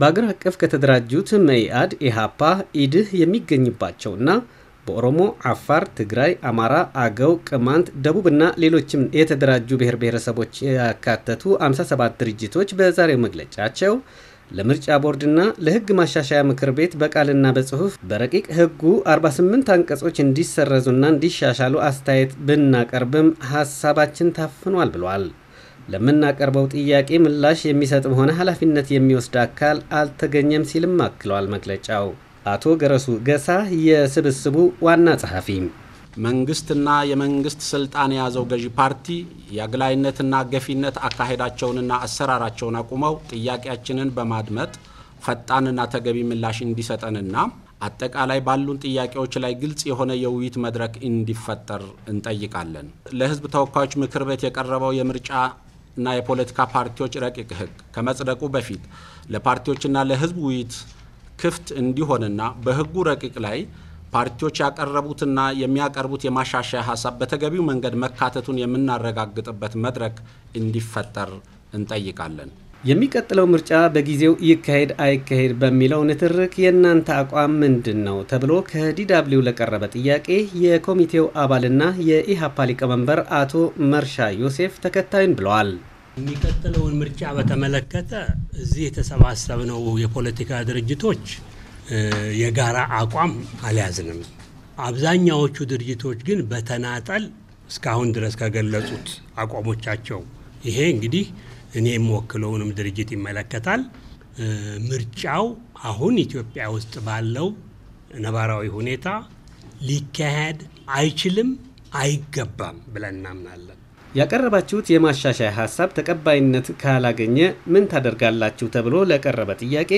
በአገር አቀፍ ከተደራጁት መኢአድ፣ ኢሃፓ፣ ኢድህ የሚገኝባቸውና በኦሮሞ፣ አፋር፣ ትግራይ፣ አማራ፣ አገው፣ ቅማንት፣ ደቡብና ሌሎችም የተደራጁ ብሔር ብሔረሰቦች ያካተቱ 57 ድርጅቶች በዛሬው መግለጫቸው ለምርጫ ቦርድና ለሕግ ማሻሻያ ምክር ቤት በቃልና በጽሑፍ በረቂቅ ሕጉ 48 አንቀጾች እንዲሰረዙና እንዲሻሻሉ አስተያየት ብናቀርብም ሀሳባችን ታፍኗል ብሏል። ለምናቀርበው ጥያቄ ምላሽ የሚሰጥም ሆነ ኃላፊነት የሚወስድ አካል አልተገኘም ሲልም አክለዋል መግለጫው። አቶ ገረሱ ገሳ የስብስቡ ዋና ጸሐፊ መንግስትና የመንግስት ስልጣን የያዘው ገዢ ፓርቲ የአግላይነትና ገፊነት አካሄዳቸውንና አሰራራቸውን አቁመው ጥያቄያችንን በማድመጥ ፈጣንና ተገቢ ምላሽ እንዲሰጠንና አጠቃላይ ባሉን ጥያቄዎች ላይ ግልጽ የሆነ የውይይት መድረክ እንዲፈጠር እንጠይቃለን። ለሕዝብ ተወካዮች ምክር ቤት የቀረበው የምርጫ እና የፖለቲካ ፓርቲዎች ረቂቅ ህግ ከመጽደቁ በፊት ለፓርቲዎችና ለህዝብ ውይይት ክፍት እንዲሆንና በህጉ ረቂቅ ላይ ፓርቲዎች ያቀረቡትና የሚያቀርቡት የማሻሻያ ሀሳብ በተገቢው መንገድ መካተቱን የምናረጋግጥበት መድረክ እንዲፈጠር እንጠይቃለን። የሚቀጥለው ምርጫ በጊዜው ይካሄድ አይካሄድ በሚለው ንትርክ የእናንተ አቋም ምንድን ነው ተብሎ ከዲዳብሊው ለቀረበ ጥያቄ የኮሚቴው አባልና የኢህአፓ ሊቀመንበር አቶ መርሻ ዮሴፍ ተከታዩን ብለዋል። የሚቀጥለውን ምርጫ በተመለከተ እዚህ የተሰባሰብነው የፖለቲካ ድርጅቶች የጋራ አቋም አልያዝንም። አብዛኛዎቹ ድርጅቶች ግን በተናጠል እስካሁን ድረስ ከገለጹት አቋሞቻቸው ይሄ እንግዲህ እኔ የምወክለውንም ድርጅት ይመለከታል። ምርጫው አሁን ኢትዮጵያ ውስጥ ባለው ነባራዊ ሁኔታ ሊካሄድ አይችልም፣ አይገባም ብለን እናምናለን። ያቀረባችሁት የማሻሻያ ሀሳብ ተቀባይነት ካላገኘ ምን ታደርጋላችሁ ተብሎ ለቀረበ ጥያቄ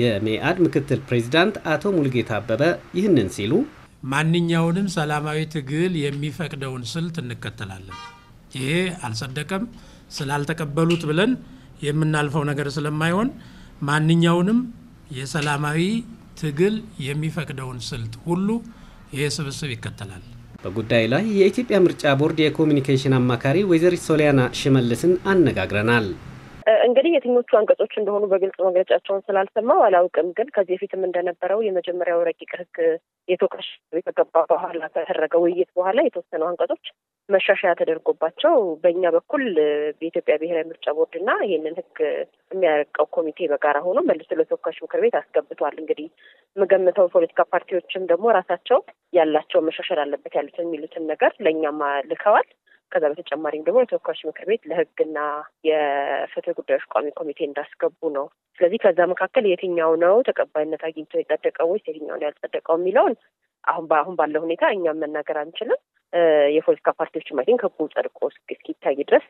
የሜአድ ምክትል ፕሬዚዳንት አቶ ሙልጌታ አበበ ይህንን ሲሉ ማንኛውንም ሰላማዊ ትግል የሚፈቅደውን ስልት እንከተላለን። ይሄ አልጸደቀም፣ ስላልተቀበሉት ብለን የምናልፈው ነገር ስለማይሆን ማንኛውንም የሰላማዊ ትግል የሚፈቅደውን ስልት ሁሉ ይሄ ስብስብ ይከተላል። በጉዳዩ ላይ የኢትዮጵያ ምርጫ ቦርድ የኮሚኒኬሽን አማካሪ ወይዘሪት ሶሊያና ሽመልስን አነጋግረናል። እንግዲህ የትኞቹ አንቀጾች እንደሆኑ በግልጽ መግለጫቸውን ስላልሰማው አላውቅም። ግን ከዚህ በፊትም እንደነበረው የመጀመሪያው ረቂቅ ሕግ የተወካዮች ቤት ከገባ በኋላ ከተደረገ ውይይት በኋላ የተወሰኑ አንቀጾች መሻሻያ ተደርጎባቸው በእኛ በኩል በኢትዮጵያ ብሔራዊ ምርጫ ቦርድና ይህንን ህግ የሚያረቀው ኮሚቴ በጋራ ሆኖ መልሶ ለተወካዮች ምክር ቤት አስገብቷል። እንግዲህ የምገምተው ፖለቲካ ፓርቲዎችም ደግሞ ራሳቸው ያላቸው መሻሻል አለበት ያሉትን የሚሉትን ነገር ለእኛም ልከዋል። ከዛ በተጨማሪም ደግሞ የተወካዮች ምክር ቤት ለህግና የፍትህ ጉዳዮች ቋሚ ኮሚቴ እንዳስገቡ ነው። ስለዚህ ከዛ መካከል የትኛው ነው ተቀባይነት አግኝቶ የጸደቀው ወይስ የትኛው ነው ያልጸደቀው የሚለውን አሁን በአሁን ባለው ሁኔታ እኛም መናገር አንችልም። የፖለቲካ ፓርቲዎች ማይቲንግ ህጉ ጸድቆ እስኪታይ ድረስ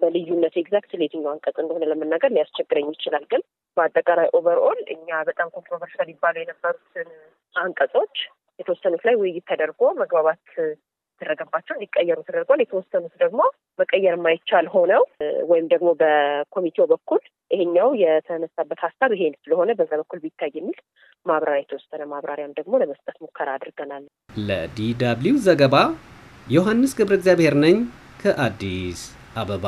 በልዩነት ኤግዛክት የትኛው አንቀጽ እንደሆነ ለመናገር ሊያስቸግረኝ ይችላል። ግን በአጠቃላይ ኦቨርኦል እኛ በጣም ኮንትሮቨርሻል ይባሉ የነበሩትን አንቀጾች የተወሰኑት ላይ ውይይት ተደርጎ መግባባት የተደረገባቸው እንዲቀየሩ ተደርጓል። የተወሰኑት ደግሞ መቀየር የማይቻል ሆነው ወይም ደግሞ በኮሚቴው በኩል ይሄኛው የተነሳበት ሀሳብ ይሄን ስለሆነ በዛ በኩል ቢታይ የሚል ማብራሪያ የተወሰነ ማብራሪያም ደግሞ ለመስጠት ሙከራ አድርገናል። ለዲ ደብልዩ ዘገባ ዮሐንስ ገብረ እግዚአብሔር ነኝ ከአዲስ አበባ